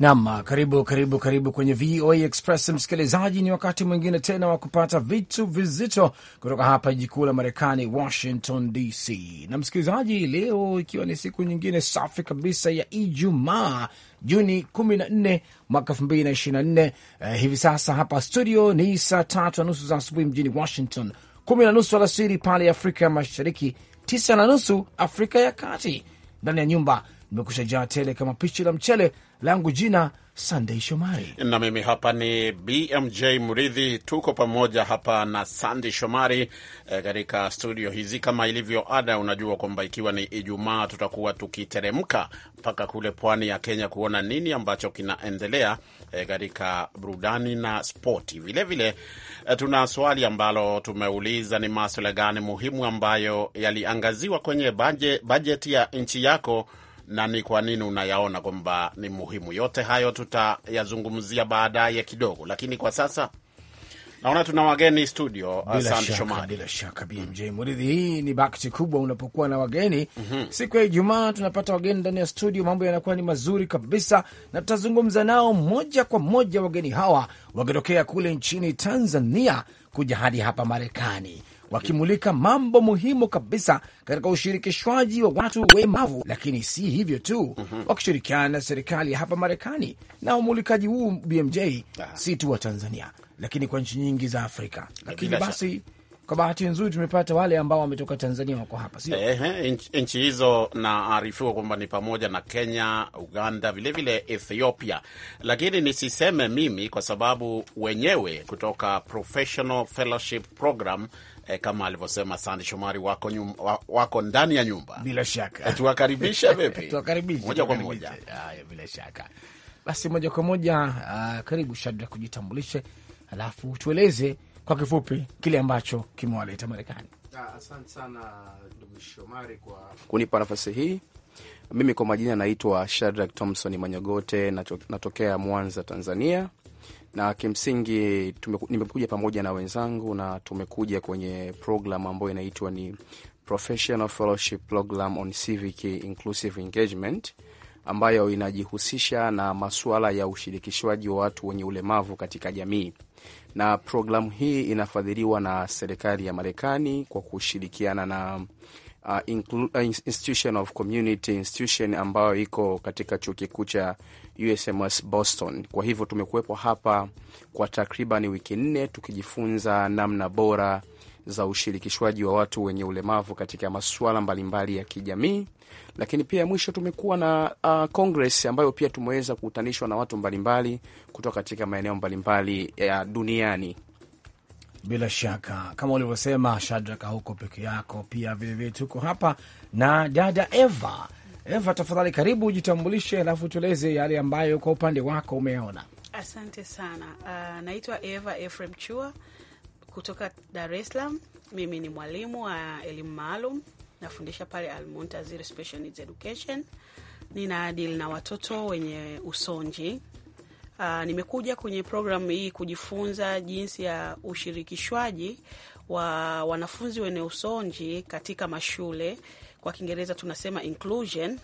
Nam, karibu karibu karibu kwenye VOA Express msikilizaji, ni wakati mwingine tena wa kupata vitu vizito kutoka hapa jiji kuu la Marekani, Washington DC. Na msikilizaji, leo ikiwa ni siku nyingine safi kabisa ya Ijumaa, Juni 14 mwaka 2024. Uh, eh, hivi sasa hapa studio ni saa tatu na nusu za asubuhi mjini Washington, kumi na nusu alasiri pale Afrika ya Mashariki, tisa na nusu Afrika ya Kati, ndani ya nyumba Nimekusha jaa tele kama pichi la mchele langu. Jina Sandei Shomari na mimi hapa ni BMJ Mridhi. Tuko pamoja hapa na Sandei Shomari eh, katika e, studio hizi. Kama ilivyo ada, unajua kwamba ikiwa ni Ijumaa tutakuwa tukiteremka mpaka kule pwani ya Kenya kuona nini ambacho kinaendelea eh, katika e, burudani na spoti vilevile. E, eh, tuna swali ambalo tumeuliza, ni maswala gani muhimu ambayo yaliangaziwa kwenye bajeti ya nchi yako na ni kwa nini unayaona kwamba ni muhimu? Yote hayo tutayazungumzia baadaye kidogo, lakini kwa sasa naona tuna wageni studio. Uh, Asante Shomari. Bila shaka BMJ Muridhi, hii ni bakti kubwa unapokuwa na wageni mm -hmm. Siku ya Ijumaa tunapata wageni ndani ya studio, mambo yanakuwa ni mazuri kabisa, na tutazungumza nao moja kwa moja, wageni hawa wakitokea kule nchini Tanzania kuja hadi hapa Marekani wakimulika mambo muhimu kabisa katika ushirikishwaji wa watu wemavu. Lakini si hivyo tu, mm -hmm. wakishirikiana na serikali hapa Marekani na umulikaji huu BMJ ah. si tu wa Tanzania, lakini kwa nchi nyingi za Afrika. Eh, lakini basi kwa bahati nzuri tumepata wale ambao wametoka Tanzania wako hapa, sio eh? Nchi hizo naarifiwa kwamba ni pamoja na Kenya, Uganda, vilevile vile Ethiopia. Lakini nisiseme mimi kwa sababu wenyewe kutoka Professional Fellowship Program eh, kama alivyosema Sande Shomari, wako, nyum, wako ndani ya nyumba bila shaka. Eh, Tuwakaribisha vipi? Tuwakaribisha moja kwa moja. Haya, bila shaka basi, moja kwa moja uh, karibu Shadra, kujitambulishe alafu tueleze kwa kifupi kile ambacho kimewaleta Marekani. Ah, asante sana ndugu Shomari kwa kunipa nafasi hii. Mimi kwa majina naitwa Shadrack Thompson manyogote natokea Mwanza, Tanzania na kimsingi nimekuja pamoja na wenzangu na tumekuja kwenye program ambayo inaitwa ni Professional Fellowship Program on Civic Inclusive Engagement ambayo inajihusisha na masuala ya ushirikishwaji wa watu wenye ulemavu katika jamii, na programu hii inafadhiliwa na serikali ya Marekani kwa kushirikiana na uh, uh institution of community institution ambayo iko katika chuo kikuu cha USMS Boston. Kwa hivyo tumekuwepo hapa kwa takriban wiki nne tukijifunza namna bora za ushirikishwaji wa watu wenye ulemavu katika masuala mbalimbali ya kijamii, lakini pia mwisho tumekuwa na uh, Congress ambayo pia tumeweza kukutanishwa na watu mbalimbali kutoka katika maeneo mbalimbali ya duniani. Bila shaka kama ulivyosema Shadraka, huko peke yako pia vilevile, tuko hapa na dada Eva. Eva, tafadhali karibu, ujitambulishe alafu tueleze yale ambayo kwa upande wako umeona. Asante sana. Uh, naitwa Eva Efrem Chua kutoka Dar es Salaam. Mimi ni mwalimu wa elimu maalum, nafundisha pale Almuntazir Special Needs Education. Ninaadili na watoto wenye usonji Uh, nimekuja kwenye programu hii kujifunza jinsi ya ushirikishwaji wa wanafunzi wenye usonji katika mashule, kwa Kiingereza tunasema inclusion.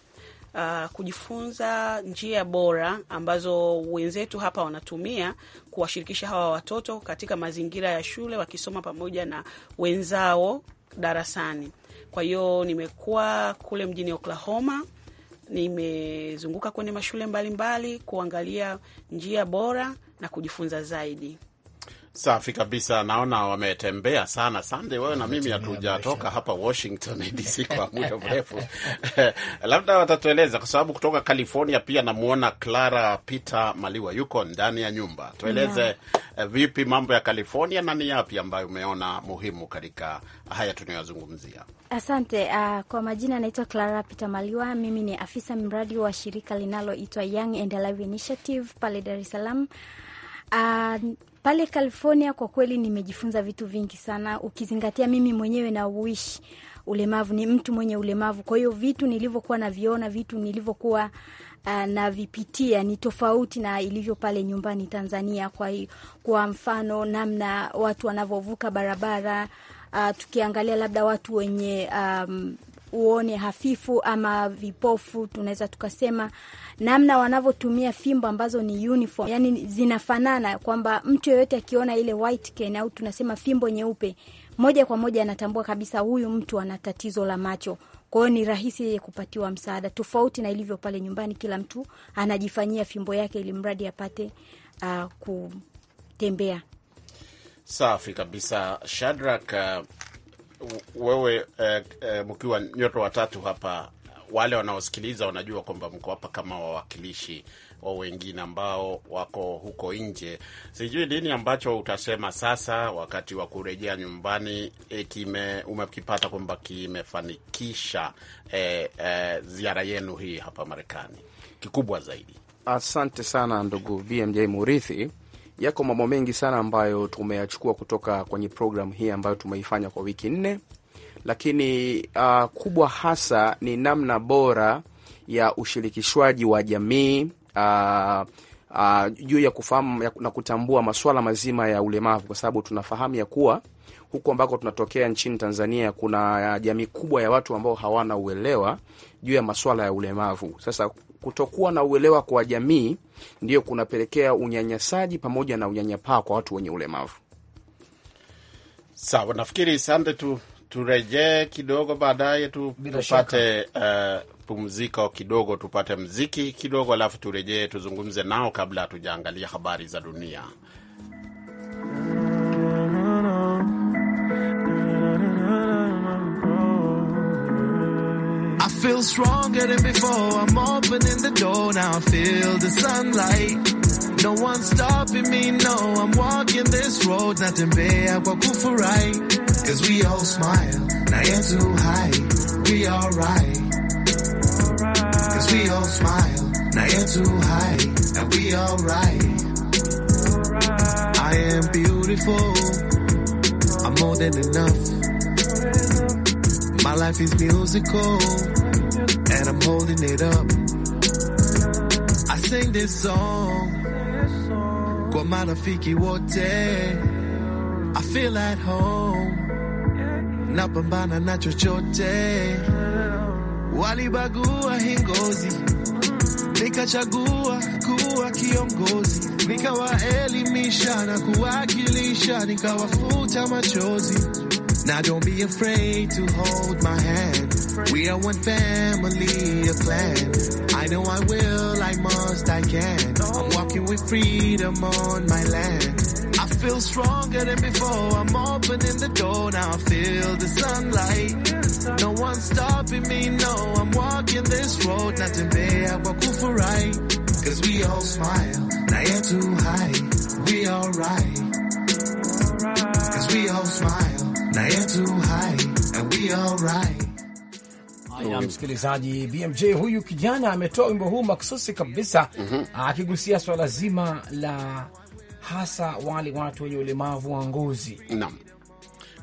Uh, kujifunza njia bora ambazo wenzetu hapa wanatumia kuwashirikisha hawa watoto katika mazingira ya shule wakisoma pamoja na wenzao darasani. Kwa hiyo nimekuwa kule mjini Oklahoma Nimezunguka kwenye mashule mbalimbali mbali, kuangalia njia bora na kujifunza zaidi. Safi kabisa, naona wametembea sana. Sande, wewe na mimi hatujatoka hapa Washington DC kwa muda mrefu labda watatueleza kwa sababu kutoka California pia namwona Clara Peter Maliwa yuko ndani ya nyumba. Tueleze yeah, vipi mambo ya California na ni yapi ambayo umeona muhimu katika haya tunayozungumzia? Asante. Uh, kwa majina anaitwa Clara Peter Maliwa, mimi ni afisa mradi wa shirika linaloitwa Young and Alive Initiative pale Dar es Salaam. Uh, pale California kwa kweli nimejifunza vitu vingi sana, ukizingatia mimi mwenyewe na uishi ulemavu, ni mtu mwenye ulemavu. Kwa hiyo vitu nilivyokuwa naviona, vitu nilivyokuwa uh, navipitia ni tofauti na ilivyo pale nyumbani Tanzania. Kwa, kwa mfano namna watu wanavyovuka barabara uh, tukiangalia labda watu wenye um, uone hafifu ama vipofu, tunaweza tukasema namna wanavyotumia fimbo ambazo ni uniform, yani zinafanana, kwamba mtu yeyote akiona ile white cane au tunasema fimbo nyeupe, moja kwa moja anatambua kabisa huyu mtu ana tatizo la macho. Kwa hiyo ni rahisi yeye kupatiwa msaada, tofauti na ilivyo pale nyumbani, kila mtu anajifanyia fimbo yake ili mradi apate uh, kutembea. Safi kabisa, Shadrack. Ah, wewe eh, eh, mkiwa nyoto watatu hapa, wale wanaosikiliza wanajua kwamba mko hapa kama wawakilishi wa wengine ambao wako huko nje. Sijui nini ambacho utasema sasa wakati wa kurejea nyumbani, e, kime umekipata kwamba kimefanikisha e, e, ziara yenu hii hapa Marekani, kikubwa zaidi. Asante sana ndugu BMJ Murithi yako mambo mengi sana ambayo tumeyachukua kutoka kwenye programu hii ambayo tumeifanya kwa wiki nne, lakini uh, kubwa hasa ni namna bora ya ushirikishwaji wa jamii uh, Uh, juu ya kufahamu ya, na kutambua masuala mazima ya ulemavu, kwa sababu tunafahamu ya kuwa huku ambako tunatokea nchini Tanzania kuna jamii kubwa ya watu ambao hawana uelewa juu ya masuala ya ulemavu. Sasa kutokuwa na uelewa kwa jamii ndio kunapelekea unyanyasaji pamoja na unyanyapaa kwa watu wenye ulemavu. Sawa, nafikiri sande tu turejee kidogo baadaye tu, tupate uh, pumziko kidogo, tupate mziki kidogo, alafu turejee tuzungumze nao kabla hatujaangalia habari za dunia. feel stronger than before. I'm opening the door now, I feel the sunlight. No one's stopping me, no, I'm walking this road, nothing bad, what good for right. Cause we all smile, now you're too high, we alright. Cause we all smile, now you're too high, and we alright. I am beautiful, I'm more than enough. My life is musical. living it up. I sing this song kwa marafiki wote, I feel at home, napambana na chochote. Walibagua hingozi. ngozi, nikachagua kuwa kiongozi, nikawaelimisha na kuwakilisha, nikawafuta machozi. Now don't be afraid to hold my hand We are one family, a clan. I know I will, I must, I can. I'm walking with freedom on my land. I feel stronger than before. I'm opening the door now. I feel the sunlight. No one's stopping me. No, I'm walking this road. Nothing there. I walk for right. Cause we all smile. Now you're too high. We alright. Cause we all smile. Now you're too high. And we alright. Haya, mm-hmm. msikilizaji, BMJ huyu kijana ametoa wimbo huu maksusi kabisa mm -hmm. akigusia swala zima la hasa wale watu wenye ulemavu wa ngozi naam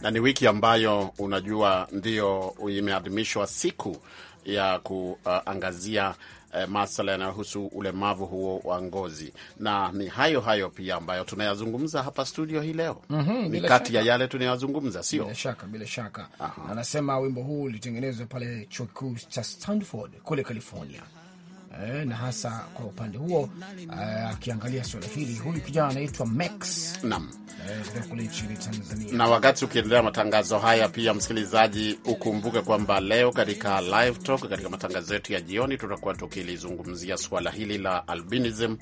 na ni wiki ambayo unajua ndiyo imeadhimishwa siku ya kuangazia uh, eh, masala yanayohusu ulemavu huo wa ngozi, na ni hayo hayo pia ambayo tunayazungumza hapa studio hii leo. mm -hmm, ni kati ya yale tunayazungumza, sio bila shaka, bila shaka. Anasema wimbo huu ulitengenezwa pale chuo kikuu cha Stanford kule California eh, na hasa kwa upande huo eh, akiangalia suala hili. Huyu kijana anaitwa Max nam eh, Na wakati ukiendelea matangazo haya, pia msikilizaji, ukumbuke kwamba leo katika live talk, katika matangazo yetu ya jioni, tutakuwa tukilizungumzia suala hili la albinism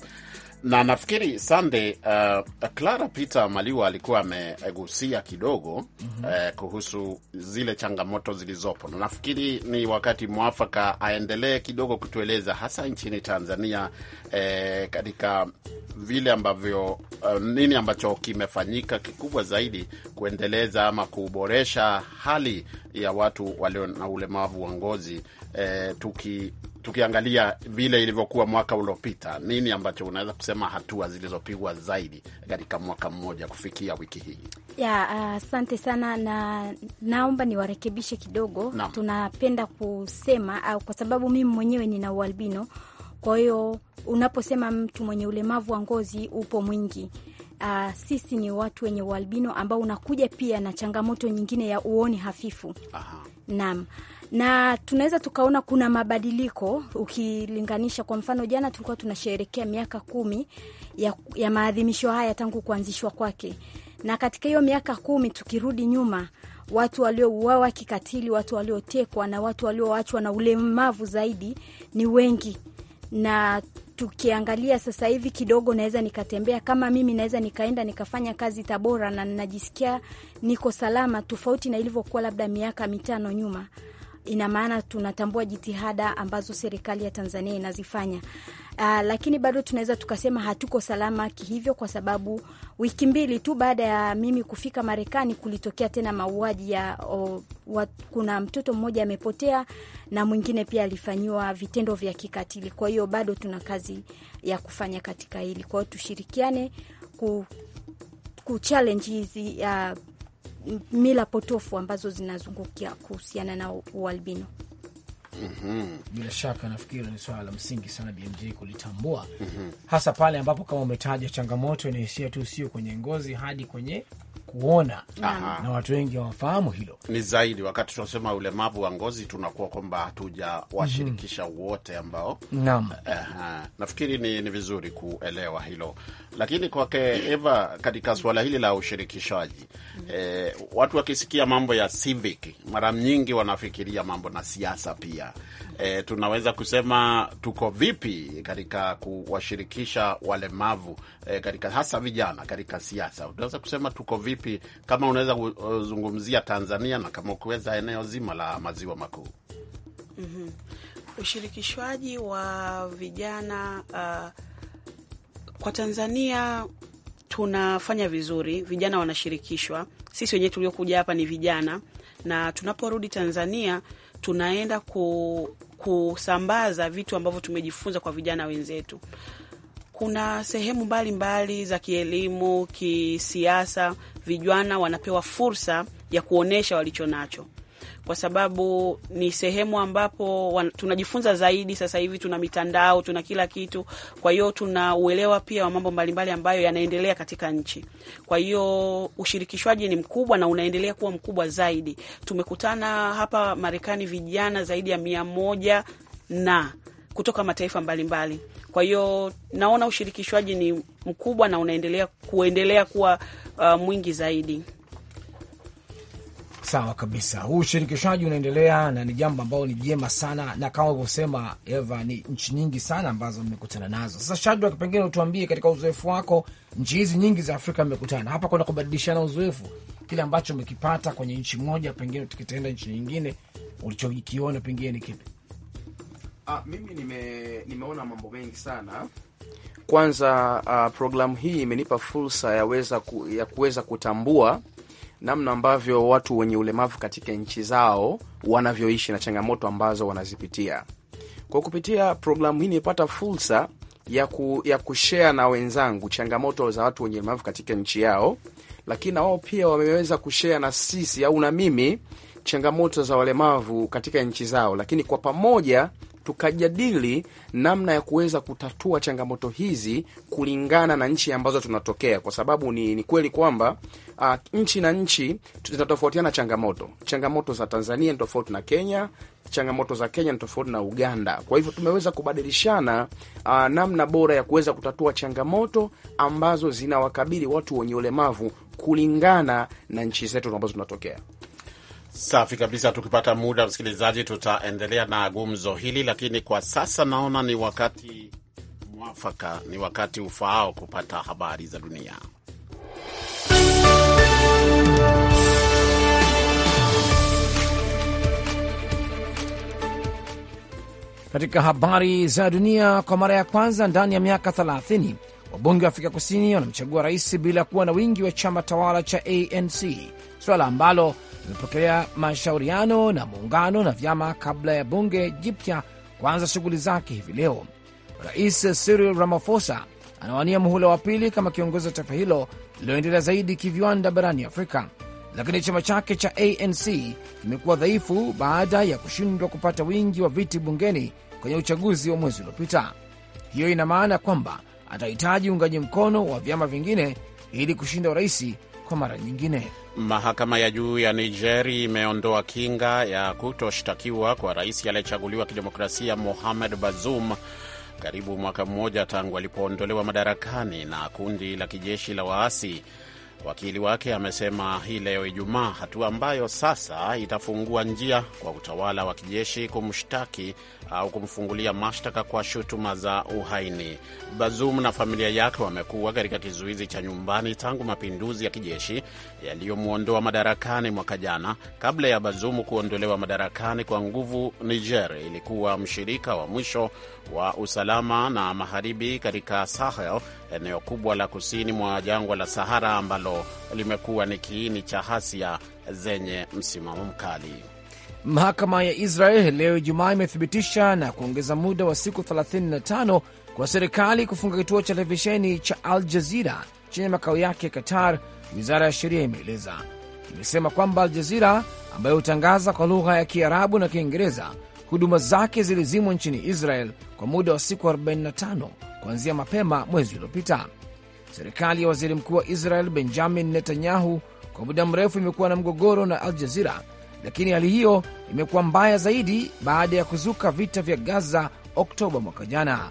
na nafikiri Sande, uh, Clara Peter Maliwa alikuwa amegusia kidogo mm -hmm. uh, kuhusu zile changamoto zilizopo, na nafikiri ni wakati mwafaka aendelee kidogo kutueleza hasa nchini Tanzania uh, katika vile ambavyo uh, nini ambacho kimefanyika kikubwa zaidi kuendeleza ama kuboresha hali ya watu walio na ulemavu wa ngozi uh, tuki tukiangalia vile ilivyokuwa mwaka uliopita, nini ambacho unaweza kusema hatua zilizopigwa zaidi katika mwaka mmoja kufikia wiki hii? Asante uh, sana na naomba niwarekebishe kidogo na. Tunapenda kusema au, kwa sababu mimi mwenyewe nina ualbino, kwa hiyo unaposema mtu mwenye ulemavu wa ngozi upo mwingi Uh, sisi ni watu wenye ualbino ambao unakuja pia na changamoto nyingine ya uoni hafifu. Naam, na tunaweza tukaona kuna mabadiliko ukilinganisha. Kwa mfano, jana tulikuwa tunasherehekea miaka kumi ya, ya maadhimisho haya tangu kuanzishwa kwake, na katika hiyo miaka kumi tukirudi nyuma watu waliouawa kikatili, watu waliotekwa na watu walioachwa na ulemavu zaidi ni wengi. Na tukiangalia sasa hivi kidogo, naweza nikatembea kama mimi, naweza nikaenda nikafanya kazi Tabora na najisikia niko salama, tofauti na ilivyokuwa labda miaka mitano nyuma ina maana tunatambua jitihada ambazo serikali ya Tanzania inazifanya. Uh, lakini bado tunaweza tukasema hatuko salama kihivyo, kwa sababu wiki mbili tu baada ya mimi kufika Marekani kulitokea tena mauaji ya o, wa, kuna mtoto mmoja amepotea na mwingine pia alifanyiwa vitendo vya kikatili. Kwa hiyo bado tuna kazi ya kufanya katika hili, kwa hiyo tushirikiane ku, ku challenge hizi uh, mila potofu ambazo zinazungukia kuhusiana na ualbino. Mm -hmm. Bila shaka nafikiri ni swala la msingi sana BMJ kulitambua. Mm -hmm. Hasa pale ambapo kama umetaja changamoto inaishia tu sio kwenye ngozi hadi kwenye kuona Aha. na watu wengi hawafahamu hilo, ni zaidi wakati tunasema ulemavu wa ngozi tunakuwa kwamba hatujawashirikisha mm -hmm. wote ambao naam. Aha. nafikiri ni, ni vizuri kuelewa hilo, lakini kwake Eva katika suala hili la ushirikishaji mm -hmm. eh, watu wakisikia mambo ya civic mara nyingi wanafikiria mambo na siasa pia. Mhm. Eh, tunaweza kusema tuko vipi katika kuwashirikisha walemavu eh, katika hasa vijana katika siasa, unaweza kusema tuko vipi vipi, kama unaweza kuzungumzia Tanzania na kama ukiweza eneo zima la maziwa makuu? mm -hmm. Ushirikishwaji wa vijana uh, kwa Tanzania tunafanya vizuri, vijana wanashirikishwa. Sisi wenyewe tuliokuja hapa ni vijana, na tunaporudi Tanzania tunaenda ku, kusambaza vitu ambavyo tumejifunza kwa vijana wenzetu kuna sehemu mbalimbali za kielimu, kisiasa, vijana wanapewa fursa ya kuonyesha walicho nacho kwa sababu ni sehemu ambapo wan, tunajifunza zaidi. Sasa hivi tuna mitandao, tuna kila kitu, kwa hiyo tuna uelewa pia wa mambo mbalimbali ambayo yanaendelea katika nchi. Kwa hiyo ushirikishwaji ni mkubwa na unaendelea kuwa mkubwa zaidi. Tumekutana hapa Marekani vijana zaidi ya mia moja na kutoka mataifa mbalimbali mbali. Kwa hiyo naona ushirikishwaji ni mkubwa na unaendelea kuendelea kuwa uh, mwingi zaidi. Sawa kabisa, huu ushirikishwaji unaendelea na ni jambo ambalo ni jema sana, na kama ulivyosema Eva, ni nchi nyingi sana ambazo mmekutana nazo. Sasa Shadrack, pengine utuambie katika uzoefu wako, nchi hizi nyingi za Afrika mmekutana hapa, kuna kubadilishana uzoefu, kile ambacho umekipata kwenye nchi moja, pengine tukitaenda nchi nyingine, ulichokiona pengine ni kipi? Ah, mimi nime, nimeona mambo mengi sana. Kwanza uh, ah, programu hii imenipa fursa ya weza ku, ya kuweza kutambua namna ambavyo watu wenye ulemavu katika nchi zao wanavyoishi na changamoto ambazo wanazipitia. Kwa kupitia programu hii nimepata fursa ya, ku, ya kushea na wenzangu changamoto za watu wenye ulemavu katika nchi yao, lakini na wao pia wameweza kushea na sisi au na mimi changamoto za walemavu katika nchi zao, lakini kwa pamoja tukajadili namna ya kuweza kutatua changamoto hizi kulingana na nchi ambazo tunatokea, kwa sababu ni, ni kweli kwamba uh, nchi na nchi zinatofautiana changamoto. Changamoto za Tanzania ni tofauti na Kenya, changamoto za Kenya ni tofauti na Uganda. Kwa hivyo tumeweza kubadilishana uh, namna bora ya kuweza kutatua changamoto ambazo zinawakabili watu wenye ulemavu kulingana na nchi zetu ambazo tunatokea. Safi kabisa. Tukipata muda, msikilizaji, tutaendelea na gumzo hili, lakini kwa sasa naona ni wakati mwafaka, ni wakati ufaao kupata habari za dunia. Katika habari za dunia, kwa mara ya kwanza ndani ya miaka 30 wabunge wa Afrika Kusini wanamchagua rais bila kuwa na wingi wa chama tawala cha ANC, suala ambalo imepokelea mashauriano na muungano na vyama kabla ya bunge jipya kuanza shughuli zake hivi leo. Rais Cyril Ramaphosa anawania muhula wa pili kama kiongozi wa taifa hilo lililoendelea zaidi kiviwanda barani Afrika, lakini chama chake cha ANC kimekuwa dhaifu baada ya kushindwa kupata wingi wa viti bungeni kwenye uchaguzi wa mwezi uliopita. Hiyo ina maana kwamba atahitaji uungaji mkono wa vyama vingine ili kushinda urais kwa mara nyingine. Mahakama ya juu ya Nigeri imeondoa kinga ya kutoshtakiwa kwa rais aliyechaguliwa kidemokrasia Mohamed Bazoum karibu mwaka mmoja tangu alipoondolewa madarakani na kundi la kijeshi la waasi Wakili wake amesema hii leo Ijumaa, hatua ambayo sasa itafungua njia kwa utawala wa kijeshi kumshtaki au kumfungulia mashtaka kwa shutuma za uhaini. Bazoum na familia yake wamekuwa katika kizuizi cha nyumbani tangu mapinduzi ya kijeshi yaliyomwondoa madarakani mwaka jana. Kabla ya Bazoum kuondolewa madarakani kwa nguvu, Niger ilikuwa mshirika wa mwisho wa usalama na magharibi katika Sahel, eneo kubwa la kusini mwa jangwa la Sahara ambalo limekuwa ni kiini cha hasia zenye msimamo mkali. Mahakama ya Israel leo Ijumaa imethibitisha na kuongeza muda wa siku 35 kwa serikali kufunga kituo cha televisheni cha Al Jazira chenye makao yake Qatar. Wizara ya sheria imeeleza imesema kwamba Al Jazira ambayo hutangaza kwa lugha ya Kiarabu na Kiingereza huduma zake zilizimwa nchini Israel kwa muda wa siku 45 kuanzia mapema mwezi uliopita. Serikali ya waziri mkuu wa Israel Benjamin Netanyahu kwa muda mrefu imekuwa na mgogoro na Al Jazira, lakini hali hiyo imekuwa mbaya zaidi baada ya kuzuka vita vya Gaza Oktoba mwaka jana.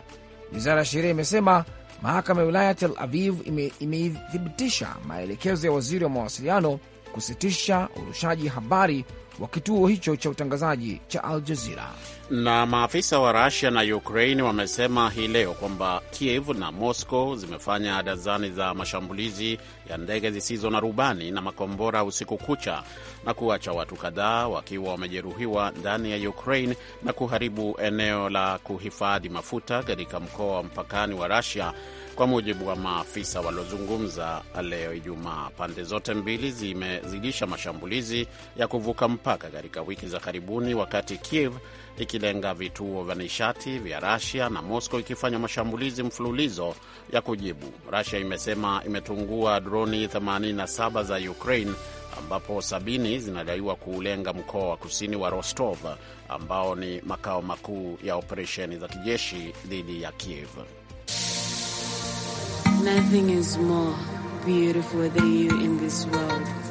Wizara ya sheria imesema mahakama ya wilaya Tel Aviv imeithibitisha maelekezo ya waziri wa mawasiliano kusitisha urushaji habari wa kituo hicho cha utangazaji cha Al Jazeera. Na maafisa wa Rusia na Ukraine wamesema hii leo kwamba Kiev na Moscow zimefanya dazani za mashambulizi ya ndege zisizo na rubani na makombora usiku kucha na kuacha watu kadhaa wakiwa wamejeruhiwa ndani ya Ukraine na kuharibu eneo la kuhifadhi mafuta katika mkoa wa mpakani wa Rusia kwa mujibu wa maafisa waliozungumza leo Ijumaa. Pande zote mbili zimezidisha mashambulizi ya kuvuka mpaka katika wiki za karibuni, wakati Kiev ikilenga vituo vya nishati vya Rasia na Moscow ikifanya mashambulizi mfululizo ya kujibu. Rasia imesema imetungua droni 87 za Ukraine ambapo sabini zinadaiwa kuulenga mkoa wa kusini wa Rostov ambao ni makao makuu ya operesheni za kijeshi dhidi ya Kiev. Nothing is more beautiful than you in this world.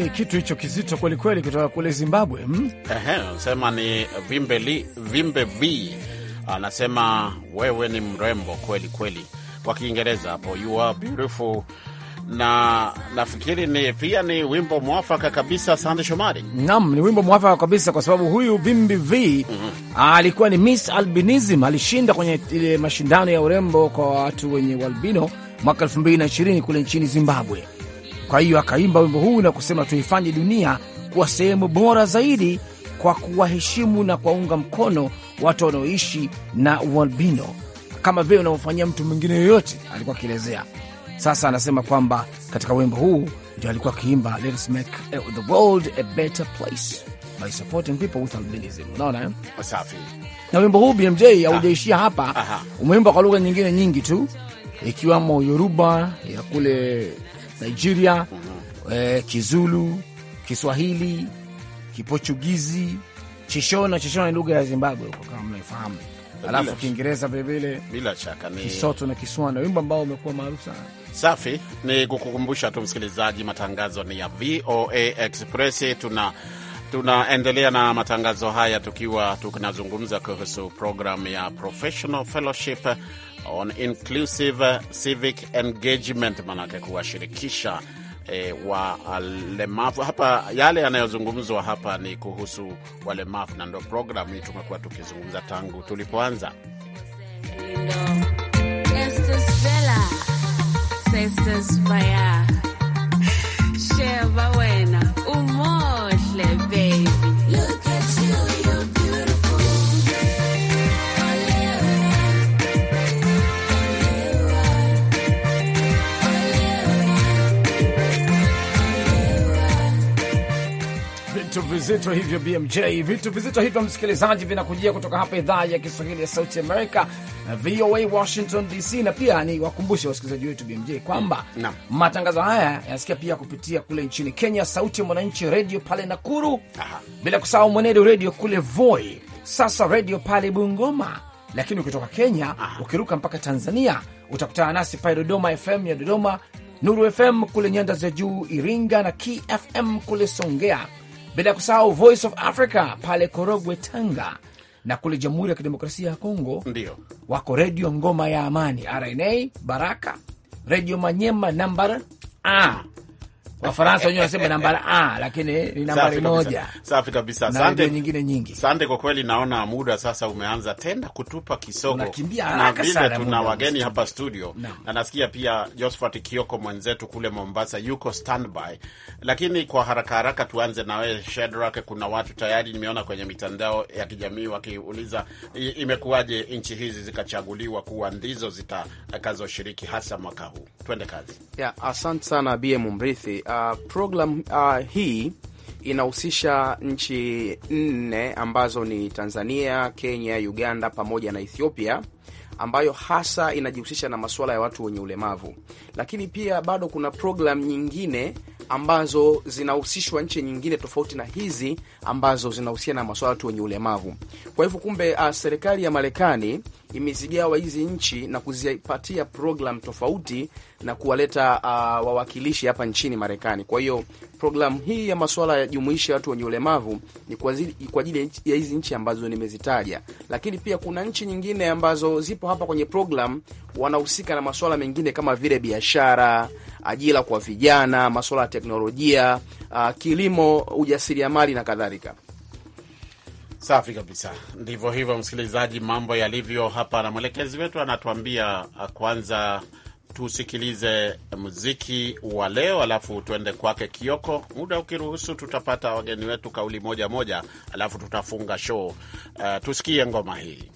BMJ, kitu hicho kizito kwelikweli kutoka kule Zimbabwe. Hmm? Sema ni vimbe li, vimbe v anasema wewe ni mrembo kweli kweli, kwa Kiingereza hapo you are beautiful na nafikiri ni pia ni wimbo mwafaka kabisa. Sande Shomari, naam, ni wimbo mwafaka kabisa kwa sababu huyu Bimbi V mm -hmm. alikuwa ni Miss Albinism, alishinda kwenye ile mashindano ya urembo kwa watu wenye ualbino mwaka 2020 kule nchini Zimbabwe. Kwa hiyo akaimba wimbo huu na kusema tuifanye dunia kuwa sehemu bora zaidi kwa kuwaheshimu na kuwaunga mkono watu wanaoishi na ualbino kama vile unavyofanyia mtu mwingine yoyote, alikuwa akielezea. Sasa anasema kwamba katika wimbo huu ndio alikuwa akiimba let's make eh, the world a better place by supporting people with albinism. Unaona, eh? safi. Na wimbo huu BMJ ah. haujaishia hapa, umeimba kwa lugha nyingine nyingi tu ikiwamo Yoruba ya kule Nigeria, eh, Kizulu, Kiswahili, Kipochugizi, Chishona. Chishona ni lugha ya Zimbabwe huko kama mnaifahamu, alafu Kiingereza vilevile, bila shaka ni Kisoto na Kiswana, wimbo ambao umekuwa maarufu sana. Safi, ni kukukumbusha tu msikilizaji, matangazo ni ya VOA Express. Tuna tunaendelea na matangazo haya tukiwa tunazungumza kuhusu programu ya Professional Fellowship on inclusive uh, civic engagement, manake kuwashirikisha E, walemavu hapa. Yale yanayozungumzwa hapa ni kuhusu walemavu, na ndo programu hii tumekuwa tukizungumza tangu tulipoanza. vizito hivyo BMJ, vitu vizito hivyo msikilizaji, vinakujia kutoka hapa idhaa ya Kiswahili ya Sauti Amerika, VOA Washington DC. Na pia ni wakumbushe wasikilizaji wetu BMJ kwamba no. matangazo haya yanasikia pia kupitia kule nchini Kenya, Sauti ya Mwananchi redio pale Nakuru, Aha. bila kusahau Mwenedo redio kule Voi, sasa redio pale Bungoma, lakini ukitoka Kenya Aha. ukiruka mpaka Tanzania utakutana nasi pale Dodoma FM ya Dodoma, Nuru FM kule nyanda za juu Iringa na KFM kule Songea bila kusahau Voice of Africa pale Korogwe, Tanga, na kule Jamhuri ya Kidemokrasia ya Kongo ndio wako Redio Ngoma ya Amani, RNA Baraka, Redio Manyema nambar a Wafaransa wenyewe wanasema nambari a, lakini ni nambari moja. Safi kabisa, asante. Nyingine nyingi, asante kwa kweli. Naona muda sasa umeanza tena kutupa kisoko na vile tuna wageni hapa studio na, nasikia pia Josephat Kioko mwenzetu kule Mombasa yuko standby, lakini kwa haraka haraka tuanze na wewe Shedrack. Kuna watu tayari nimeona kwenye mitandao ya kijamii wakiuliza imekuwaje nchi hizi zikachaguliwa kuwa ndizo zitakazoshiriki hasa mwaka huu. Twende kazi. Yeah, asante sana BM Mrithi. Uh, program uh, hii inahusisha nchi nne ambazo ni Tanzania, Kenya, Uganda pamoja na Ethiopia ambayo hasa inajihusisha na masuala ya watu wenye ulemavu, lakini pia bado kuna programu nyingine ambazo zinahusishwa nchi nyingine tofauti na hizi ambazo zinahusiana na masuala ya watu wenye ulemavu. Kwa hivyo kumbe, uh, serikali ya Marekani imezigawa hizi nchi na kuzipatia program tofauti na kuwaleta uh, wawakilishi hapa nchini Marekani. Kwa hiyo programu hii ya masuala ya jumuishi ya watu wenye ulemavu ni kwa ajili ya hizi nchi ambazo nimezitaja, lakini pia kuna nchi nyingine ambazo zipo hapa kwenye programu wanahusika na masuala mengine kama vile biashara, ajira kwa vijana, masuala ya teknolojia, uh, kilimo, ujasiriamali na kadhalika. Safi kabisa, ndivyo hivyo msikilizaji, mambo yalivyo hapa, na mwelekezi wetu anatuambia ah, kwanza tusikilize muziki wa leo, alafu tuende kwake Kioko. Muda ukiruhusu, tutapata wageni wetu kauli moja moja, alafu tutafunga show. Uh, tusikie ngoma hii.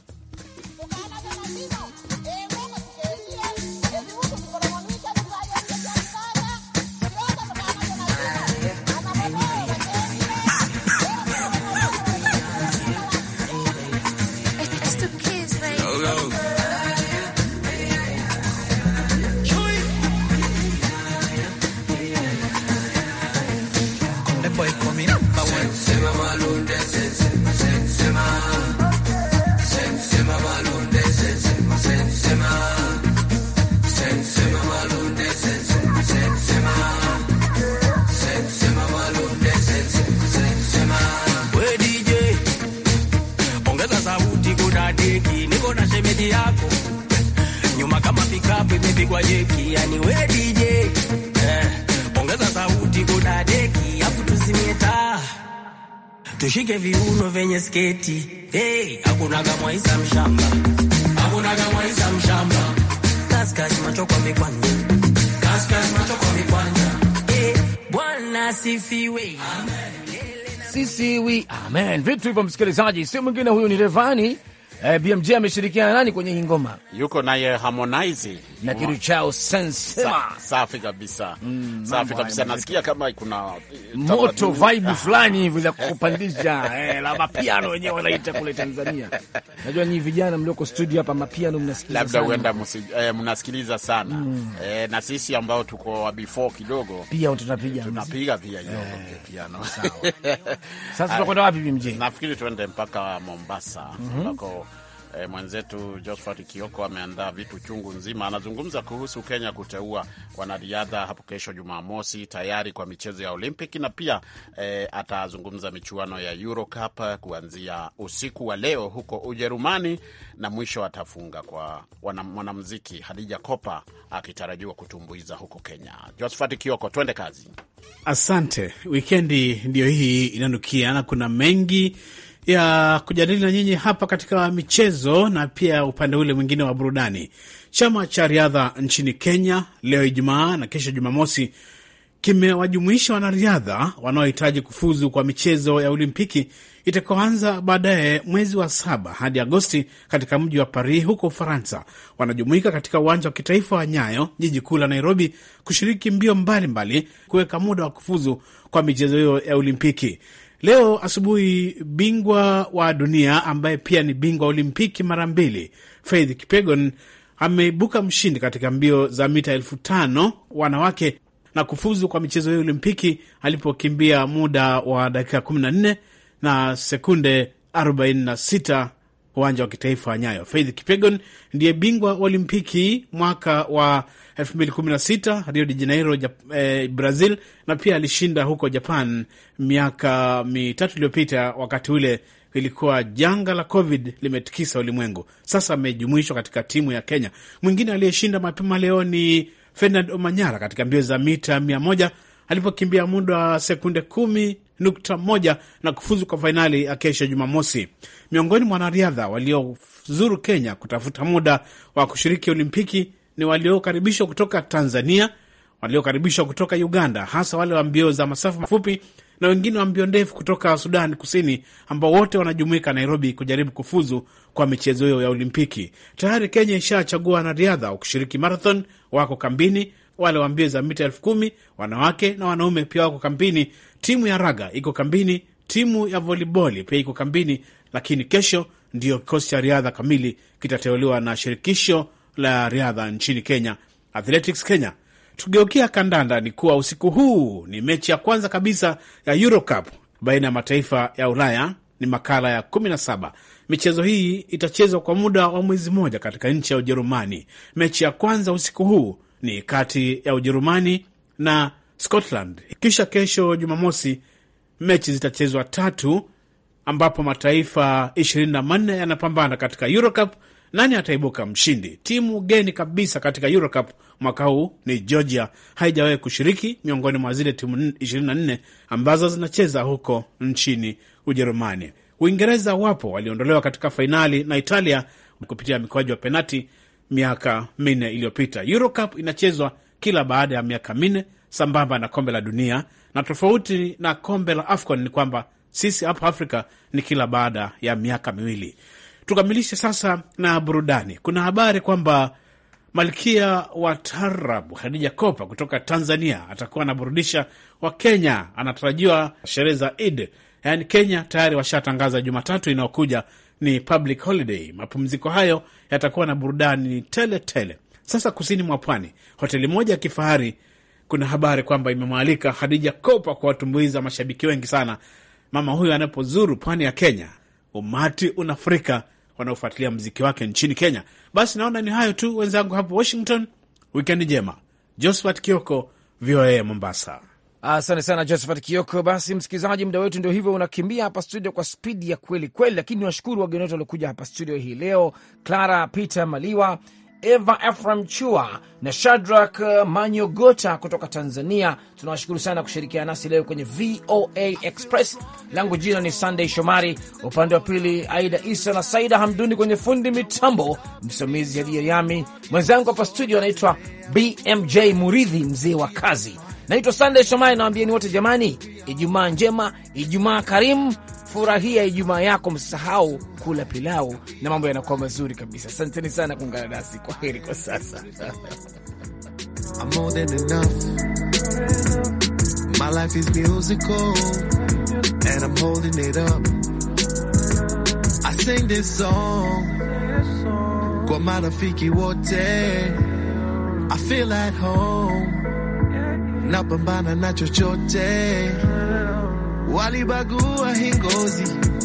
kuketi. Hey, akunaga mwaisa mshamba, akunaga mwaisa mshamba, kaskazi macho kwa mikwanja, kaskazi macho kwa mikwanja. Hey, Bwana sifiwe, amen. Sisi wi amen. Vitu hivyo msikilizaji, si mwingine huyu ni Revani Eh, BMJ ameshirikiana nani kwenye hii ngoma? Yuko naye Harmonize na kitu chao sense. Safi kabisa. Mm, safi kabisa. Nasikia kama kuna eh, moto vibe ah. fulani hivi za kupandisha eh, la mapiano wenyewe wanaita kule Tanzania. Najua nyinyi vijana mlioko studio hapa mapiano mnasikiliza. Labda uenda eh, mnasikiliza sana. Mm. Eh, na sisi ambao tuko wa before kidogo pia tunapiga. Tunapiga pia hiyo eh, piano. Sawa. Sasa tunakwenda wapi BMJ? Nafikiri tuende mpaka Mombasa. Mm -hmm. Mpaka eh, mwenzetu Josphat Kioko ameandaa vitu chungu nzima. Anazungumza kuhusu Kenya kuteua wanariadha hapo kesho Jumamosi tayari kwa michezo ya olimpic na pia eh, atazungumza michuano ya Eurocup kuanzia usiku wa leo huko Ujerumani, na mwisho atafunga kwa mwanamuziki Hadija Kopa akitarajiwa kutumbuiza huko Kenya. Josphat Kioko, twende kazi. Asante. Wikendi ndiyo hii inanukia na kuna mengi ya kujadili na nyinyi hapa katika michezo na pia upande ule mwingine wa burudani. Chama cha riadha nchini Kenya leo Ijumaa na kesho Jumamosi kimewajumuisha wanariadha wanaohitaji kufuzu kwa michezo ya Olimpiki itakaoanza baadaye mwezi wa saba hadi Agosti katika mji wa Paris huko Ufaransa. Wanajumuika katika uwanja wa kitaifa wa Nyayo, jiji kuu la Nairobi, kushiriki mbio mbalimbali, kuweka muda wa kufuzu kwa michezo hiyo ya Olimpiki. Leo asubuhi bingwa wa dunia ambaye pia ni bingwa olimpiki mara mbili Faith Kipyegon ameibuka mshindi katika mbio za mita elfu tano wanawake na kufuzu kwa michezo hiyo olimpiki alipokimbia muda wa dakika 14 na sekunde 46 uwanja wa kitaifa wa Nyayo. Faith Kipyegon ndiye bingwa wa Olimpiki mwaka wa 2016 Rio de Janeiro, eh, Brazil, na pia alishinda huko Japan miaka mitatu iliyopita. Wakati ule ilikuwa janga la COVID limetikisa ulimwengu, sasa amejumuishwa katika timu ya Kenya. Mwingine aliyeshinda mapema leo ni fernand Omanyala katika mbio za mita 1 alipokimbia muda wa sekunde kumi nukta moja na kufuzu kwa fainali ya kesho Jumamosi. Miongoni mwa wanariadha waliozuru Kenya kutafuta muda wa kushiriki Olimpiki ni waliokaribishwa kutoka Tanzania, waliokaribishwa kutoka Uganda, hasa wale wa mbio za masafa mafupi na wengine wa mbio ndefu kutoka Sudan Kusini, ambao wote wanajumuika Nairobi kujaribu kufuzu kwa michezo hiyo ya Olimpiki. Tayari Kenya ishachagua wanariadha wa kushiriki marathon, wako kambini. Wale wa mbio za mita elfu kumi wanawake na wanaume pia wako kampini timu ya raga iko kambini, timu ya voliboli pia iko kambini, lakini kesho ndiyo kikosi cha riadha kamili kitateuliwa na shirikisho la riadha nchini Kenya, Athletics Kenya. Tugeukia kandanda, ni kuwa usiku huu ni mechi ya kwanza kabisa ya Eurocup baina ya mataifa ya Ulaya, ni makala ya 17. Michezo hii itachezwa kwa muda wa mwezi mmoja katika nchi ya Ujerumani. Mechi ya kwanza usiku huu ni kati ya Ujerumani na Scotland. Kisha kesho Jumamosi mechi zitachezwa tatu, ambapo mataifa 24 yanapambana katika Eurocup. Nani ataibuka mshindi? Timu geni kabisa katika Eurocup mwaka huu ni Georgia, haijawahi kushiriki miongoni mwa zile timu 24 ambazo zinacheza huko nchini Ujerumani. Uingereza wapo waliondolewa katika fainali na Italia kupitia mikoaji wa penati miaka minne iliyopita. Eurocup inachezwa kila baada ya miaka minne sambamba na kombe la dunia, na tofauti na kombe la AFCON ni kwamba sisi hapa Afrika ni kila baada ya miaka miwili. Tukamilishe sasa na burudani. Kuna habari kwamba malkia wa tarabu Khadija Kopa kutoka Tanzania atakuwa anaburudisha wa Kenya. Anatarajiwa sherehe za Id, yaani Kenya tayari washatangaza Jumatatu inayokuja ni public holiday. Mapumziko hayo yatakuwa na burudani tele tele. Sasa kusini mwa pwani, hoteli moja ya kifahari kuna habari kwamba imemwalika Hadija Kopa kuwatumbuiza mashabiki wengi sana. Mama huyu anapozuru pwani ya Kenya, umati unafurika wanaofuatilia mziki wake nchini Kenya. Basi naona ni hayo tu, wenzangu hapo Washington. Wikendi njema. Josephat Kioko, VOA Mombasa. Asante sana Josephat Kioko. Basi msikilizaji, muda wetu ndio hivyo unakimbia hapa studio kwa spidi ya kweli kweli, lakini niwashukuru wageni wetu waliokuja hapa studio hii leo, Clara Peter Maliwa Eva Ephraim Chua na shadrak uh, Manyogota kutoka Tanzania. Tunawashukuru sana kushirikiana nasi leo kwenye VOA Express. Langu jina ni Sunday Shomari, upande wa pili Aida Isa na Saida Hamduni kwenye fundi mitambo, msimamizi yami mwenzangu hapa studio anaitwa BMJ Muridhi, mzee wa kazi. Naitwa Sunday Shomari, nawambieni wote jamani, Ijumaa njema, Ijumaa karimu furahia Ijumaa yako, msisahau kula pilau na mambo yanakuwa mazuri kabisa. Asanteni sana kuungana nasi, kwa heri kwa sasa. Kwa marafiki wote, I feel at home, napambana na chochote walibagua hingozi